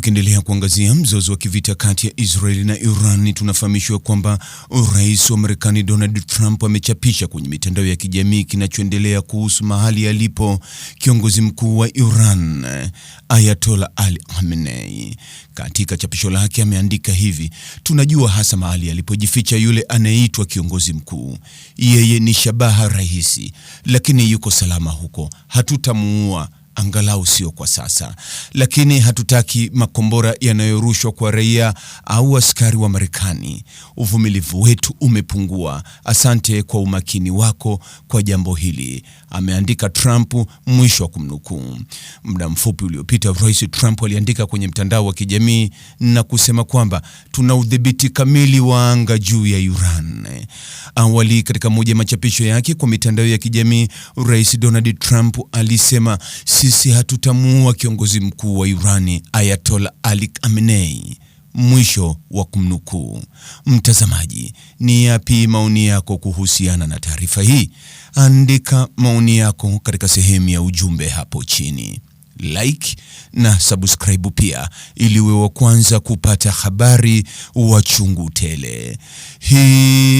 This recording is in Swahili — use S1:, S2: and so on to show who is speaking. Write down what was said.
S1: Tukiendelea kuangazia mzozo wa kivita kati ya Israeli na Iran, tunafahamishwa kwamba Rais wa Marekani Donald Trump amechapisha kwenye mitandao ya kijamii kinachoendelea kuhusu mahali alipo kiongozi mkuu wa Iran, Ayatollah Ali Khamenei. Katika chapisho lake ameandika hivi: tunajua hasa mahali alipojificha yule anayeitwa kiongozi mkuu. Yeye ni shabaha rahisi, lakini yuko salama huko, hatutamuua angalau sio kwa sasa, lakini hatutaki makombora yanayorushwa kwa raia au askari wa Marekani. Uvumilivu wetu umepungua. Asante kwa umakini wako kwa jambo hili, ameandika Trump, mwisho wa kumnukuu. Muda mfupi uliopita, Rais Trump aliandika kwenye mtandao wa kijamii na kusema kwamba tuna udhibiti kamili wa anga juu ya Iran. Awali, katika moja ya machapisho yake kwa mitandao ya kijamii, Rais Donald Trump alisema sisi hatutamuua kiongozi mkuu wa Irani Ayatollah Ali Khamenei. Mwisho wa kumnukuu. Mtazamaji, ni yapi maoni yako kuhusiana na taarifa hii? Andika maoni yako katika sehemu ya ujumbe hapo chini. Like na subscribe pia ili uwe wa kwanza kupata habari wa chungu tele hii